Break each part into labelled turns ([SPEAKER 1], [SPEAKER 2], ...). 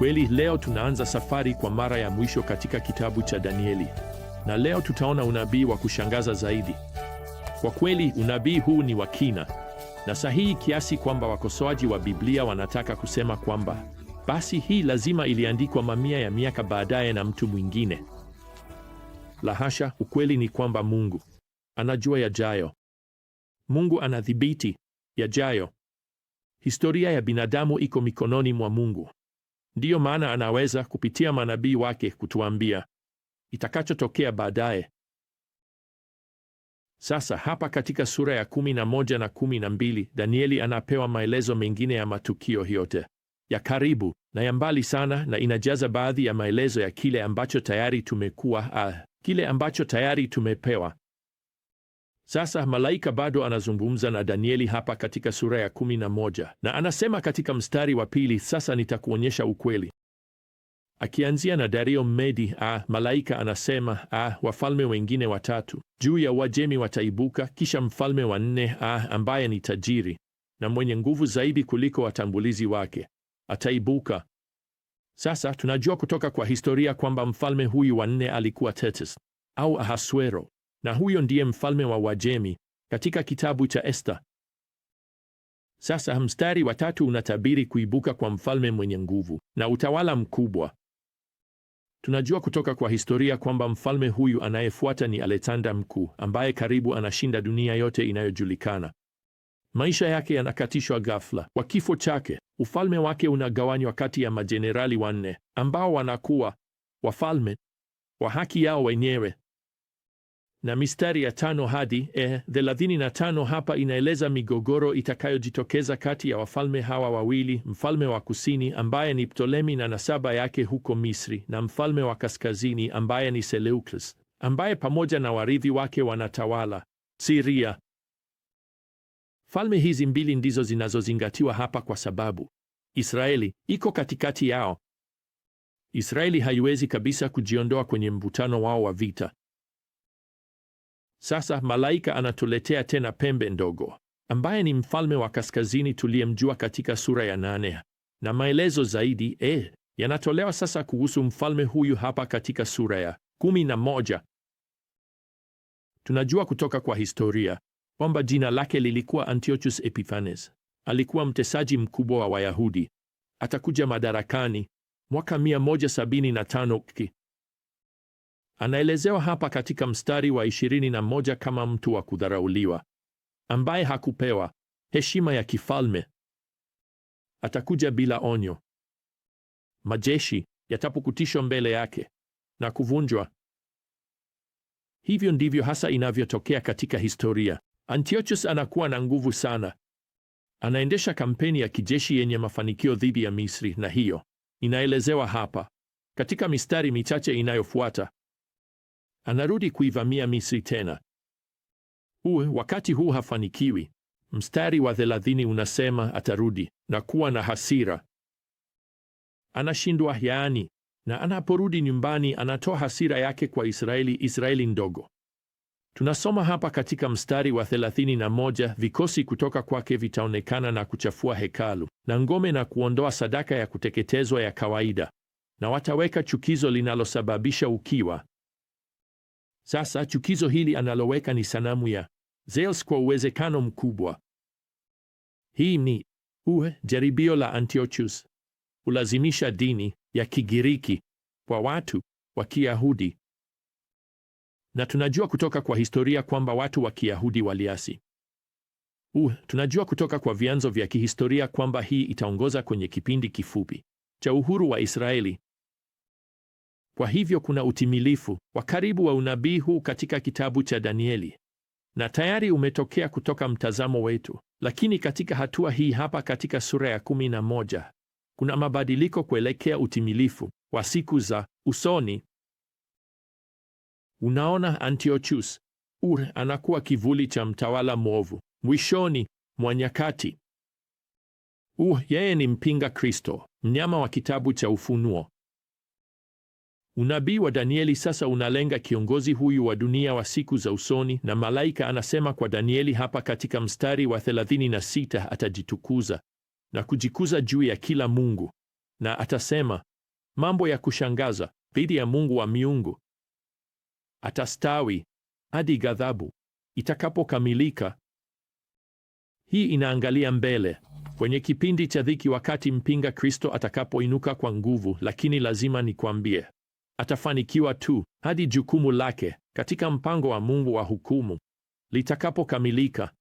[SPEAKER 1] kweli, leo tunaanza safari kwa mara ya mwisho katika kitabu cha Danieli, na leo tutaona unabii wa kushangaza zaidi. Kwa kweli, unabii huu ni wa kina na sahihi kiasi kwamba wakosoaji wa Biblia wanataka kusema kwamba basi hii lazima iliandikwa mamia ya miaka baadaye na mtu mwingine. Lahasha! Ukweli ni kwamba Mungu anajua yajayo. Mungu anadhibiti yajayo. Historia ya binadamu iko mikononi mwa Mungu, Ndiyo maana anaweza kupitia manabii wake kutuambia itakachotokea baadaye. Sasa hapa katika sura ya kumi na moja na kumi na mbili Danieli anapewa maelezo mengine ya matukio yote ya karibu na ya mbali sana, na inajaza baadhi ya maelezo ya kile ambacho tayari tumekuwa ah, kile ambacho tayari tumepewa. Sasa malaika bado anazungumza na Danieli hapa katika sura ya kumi na moja na anasema katika mstari wa pili, sasa nitakuonyesha ukweli. Akianzia na Dario medi a ah, malaika anasema a, ah, wafalme wengine watatu juu ya Wajemi wataibuka, kisha mfalme wa nne a, ah, ambaye ni tajiri na mwenye nguvu zaidi kuliko watangulizi wake ataibuka. Sasa tunajua kutoka kwa historia kwamba mfalme huyu wa nne alikuwa Tetis au Ahasuero na huyo ndiye mfalme wa Wajemi katika kitabu cha Esta. Sasa mstari wa tatu unatabiri kuibuka kwa mfalme mwenye nguvu na utawala mkubwa. Tunajua kutoka kwa historia kwamba mfalme huyu anayefuata ni Alexander Mkuu, ambaye karibu anashinda dunia yote inayojulikana. Maisha yake yanakatishwa ghafla kwa kifo chake. Ufalme wake unagawanywa kati ya majenerali wanne ambao wanakuwa wafalme wa haki yao wenyewe na mistari ya tano hadi e, thelathini na tano hapa inaeleza migogoro itakayojitokeza kati ya wafalme hawa wawili, mfalme wa kusini ambaye ni ptolemi na nasaba yake huko Misri, na mfalme wa kaskazini ambaye ni Seleucus, ambaye pamoja na warithi wake wanatawala Siria. Falme hizi mbili ndizo zinazozingatiwa hapa kwa sababu Israeli iko katikati yao. Israeli haiwezi kabisa kujiondoa kwenye mvutano wao wa vita. Sasa malaika anatuletea tena pembe ndogo ambaye ni mfalme wa kaskazini tuliyemjua katika sura ya nane, na maelezo zaidi eh, yanatolewa sasa kuhusu mfalme huyu hapa katika sura ya kumi na moja. Tunajua kutoka kwa historia kwamba jina lake lilikuwa Antiochus Epiphanes. Alikuwa mtesaji mkubwa wa Wayahudi. Atakuja madarakani mwaka 175 Anaelezewa hapa katika mstari wa ishirini na moja kama mtu wa kudharauliwa ambaye hakupewa heshima ya kifalme. Atakuja bila onyo, majeshi yatapukutishwa mbele yake na kuvunjwa. Hivyo ndivyo hasa inavyotokea katika historia. Antiochus anakuwa na nguvu sana, anaendesha kampeni ya kijeshi yenye mafanikio dhidi ya Misri, na hiyo inaelezewa hapa katika mistari michache inayofuata anarudi kuivamia Misri tena. Uwe wakati huu hafanikiwi. Mstari wa thelathini unasema atarudi na kuwa na hasira, anashindwa yaani, na anaporudi nyumbani anatoa hasira yake kwa Israeli, Israeli ndogo. Tunasoma hapa katika mstari wa thelathini na moja vikosi kutoka kwake vitaonekana na kuchafua hekalu na ngome na kuondoa sadaka ya kuteketezwa ya kawaida, na wataweka chukizo linalosababisha ukiwa sasa chukizo hili analoweka ni sanamu ya Zeus kwa uwezekano mkubwa. Hii ni uwe jaribio la Antiochus ulazimisha dini ya Kigiriki kwa watu wa Kiyahudi, na tunajua kutoka kwa historia kwamba watu wa Kiyahudi waliasi. Uh, tunajua kutoka kwa vyanzo vya kihistoria kwamba hii itaongoza kwenye kipindi kifupi cha uhuru wa Israeli. Kwa hivyo kuna utimilifu wa karibu wa unabii huu katika kitabu cha Danieli na tayari umetokea kutoka mtazamo wetu, lakini katika hatua hii hapa katika sura ya kumi na moja kuna mabadiliko kuelekea utimilifu wa siku za usoni. Unaona, Antiochus Ur anakuwa kivuli cha mtawala mwovu mwishoni mwa nyakati. Uh, yeye ni mpinga Kristo, mnyama wa kitabu cha Ufunuo Unabii wa Danieli sasa unalenga kiongozi huyu wa dunia wa siku za usoni, na malaika anasema kwa Danieli hapa katika mstari wa 36, atajitukuza na kujikuza juu ya kila mungu na atasema mambo ya kushangaza dhidi ya Mungu wa miungu. Atastawi hadi ghadhabu itakapokamilika. Hii inaangalia mbele kwenye kipindi cha dhiki, wakati mpinga Kristo atakapoinuka kwa nguvu. Lakini lazima nikwambie, atafanikiwa tu hadi jukumu lake katika mpango wa Mungu wa hukumu litakapokamilika.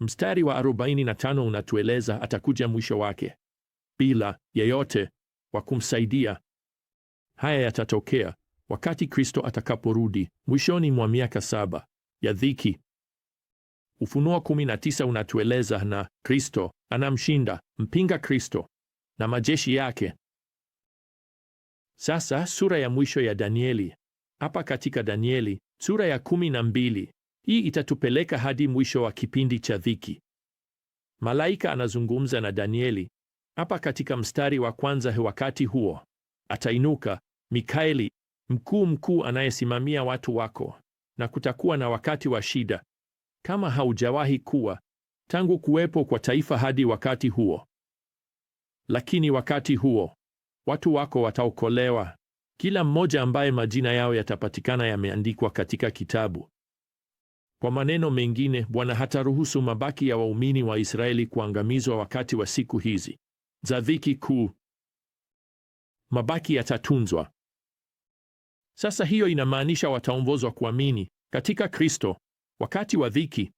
[SPEAKER 1] Mstari wa 45 unatueleza atakuja mwisho wake bila yeyote wa kumsaidia. Haya yatatokea wakati Kristo atakaporudi mwishoni mwa miaka saba ya dhiki. Ufunuo 19 unatueleza na Kristo anamshinda mpinga Kristo na majeshi yake sasa sura ya mwisho ya Danieli. Hapa katika Danieli sura ya kumi na mbili, hii itatupeleka hadi mwisho wa kipindi cha dhiki. Malaika anazungumza na Danieli hapa katika mstari wa kwanza. Wakati huo atainuka Mikaeli, mkuu mkuu anayesimamia watu wako, na kutakuwa na wakati wa shida kama haujawahi kuwa tangu kuwepo kwa taifa hadi wakati huo. Lakini wakati huo watu wako wataokolewa, kila mmoja ambaye majina yao yatapatikana yameandikwa katika kitabu. Kwa maneno mengine, Bwana hataruhusu mabaki ya waumini wa Israeli kuangamizwa wakati wa siku hizi za dhiki kuu. Mabaki yatatunzwa. Sasa hiyo inamaanisha wataongozwa kuamini katika Kristo wakati wa dhiki.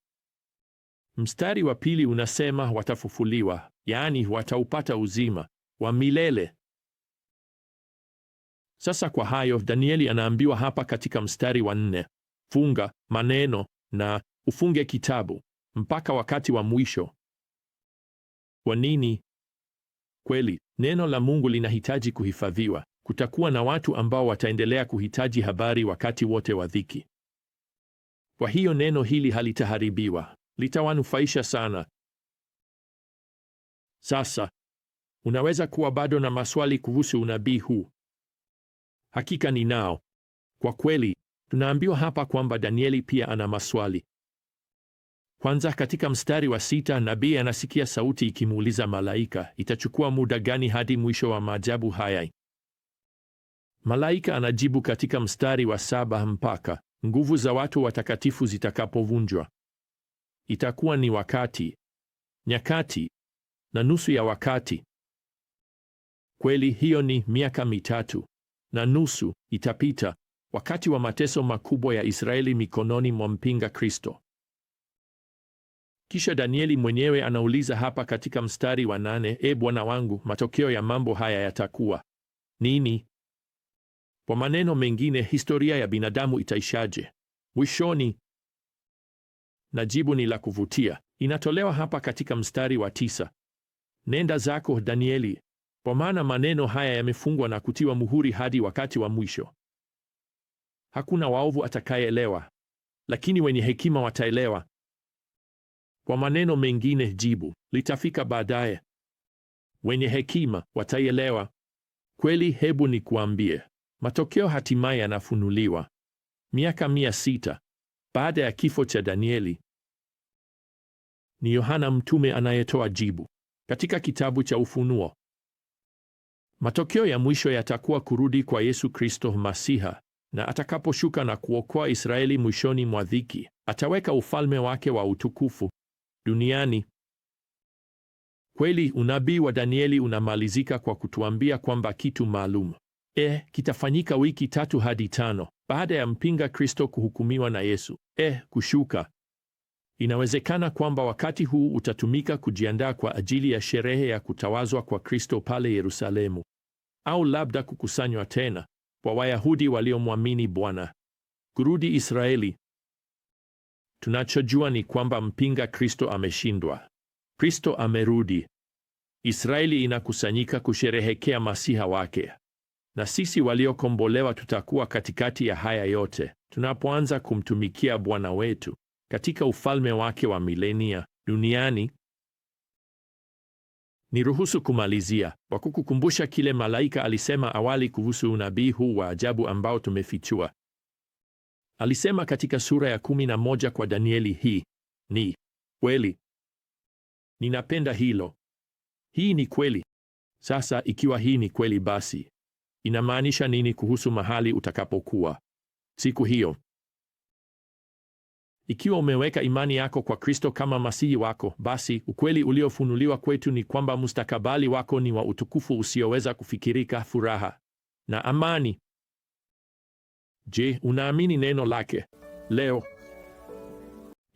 [SPEAKER 1] Mstari wa pili unasema watafufuliwa, yaani wataupata uzima wa milele. Sasa kwa hayo, Danieli anaambiwa hapa katika mstari wa nne, funga maneno na ufunge kitabu mpaka wakati wa mwisho. Kwa nini? Kweli, neno la Mungu linahitaji kuhifadhiwa. Kutakuwa na watu ambao wataendelea kuhitaji habari wakati wote wa dhiki. Kwa hiyo neno hili halitaharibiwa, litawanufaisha sana. Sasa unaweza kuwa bado na maswali kuhusu unabii huu. Hakika ni nao Kwa kweli, tunaambiwa hapa kwamba Danieli pia ana maswali. Kwanza, katika mstari wa sita, nabii anasikia sauti ikimuuliza malaika, itachukua muda gani hadi mwisho wa maajabu haya? Malaika anajibu katika mstari wa saba, mpaka nguvu za watu watakatifu zitakapovunjwa. Itakuwa ni wakati, nyakati na nusu ya wakati. Kweli, hiyo ni miaka mitatu na nusu itapita wakati wa mateso makubwa ya Israeli mikononi mwa mpinga Kristo. Kisha Danieli mwenyewe anauliza hapa katika mstari wa nane, E Bwana wangu, matokeo ya mambo haya yatakuwa nini? Kwa maneno mengine, historia ya binadamu itaishaje mwishoni? Na jibu ni la kuvutia, inatolewa hapa katika mstari wa tisa: nenda zako Danieli, kwa maana maneno haya yamefungwa na kutiwa muhuri hadi wakati wa mwisho. Hakuna waovu atakayeelewa, lakini wenye hekima wataelewa. Kwa maneno mengine, jibu litafika baadaye. Wenye hekima wataielewa kweli. Hebu nikuambie, matokeo hatimaye yanafunuliwa miaka mia sita baada ya kifo cha Danieli. Ni Yohana mtume anayetoa jibu katika kitabu cha Ufunuo. Matokeo ya mwisho yatakuwa kurudi kwa Yesu Kristo Masiha, na atakaposhuka na kuokoa Israeli mwishoni mwa dhiki, ataweka ufalme wake wa utukufu duniani. Kweli, unabii wa Danieli unamalizika kwa kutuambia kwamba kitu maalum e kitafanyika wiki tatu hadi tano baada ya mpinga Kristo kuhukumiwa na Yesu e kushuka. Inawezekana kwamba wakati huu utatumika kujiandaa kwa ajili ya sherehe ya kutawazwa kwa Kristo pale Yerusalemu au labda kukusanywa tena kwa Wayahudi waliomwamini Bwana kurudi Israeli. Tunachojua ni kwamba mpinga Kristo ameshindwa. Kristo amerudi. Israeli inakusanyika kusherehekea Masiha wake. Na sisi waliokombolewa tutakuwa katikati ya haya yote tunapoanza kumtumikia Bwana wetu katika ufalme wake wa milenia duniani Niruhusu kumalizia kwa kukukumbusha kile malaika alisema awali kuhusu unabii huu wa ajabu ambao tumefichua. Alisema katika sura ya kumi na moja kwa Danieli, hii ni kweli, ninapenda hilo, hii ni kweli. Sasa ikiwa hii ni kweli, basi inamaanisha nini kuhusu mahali utakapokuwa siku hiyo? Ikiwa umeweka imani yako kwa Kristo kama masihi wako, basi ukweli uliofunuliwa kwetu ni kwamba mustakabali wako ni wa utukufu usioweza kufikirika, furaha na amani. Je, unaamini neno lake leo?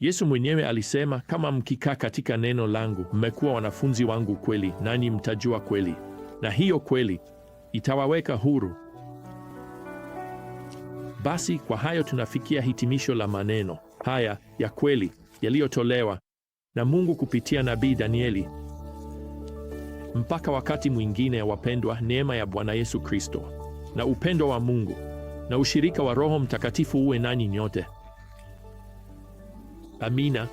[SPEAKER 1] Yesu mwenyewe alisema, kama mkikaa katika neno langu, mmekuwa wanafunzi wangu kweli, nanyi mtajua kweli, na hiyo kweli itawaweka huru. Basi kwa hayo tunafikia hitimisho la maneno haya ya kweli yaliyotolewa na Mungu kupitia nabii Danieli. Mpaka wakati mwingine, wapendwa, neema ya Bwana Yesu Kristo na upendo wa Mungu na ushirika wa Roho Mtakatifu uwe nanyi nyote. Amina.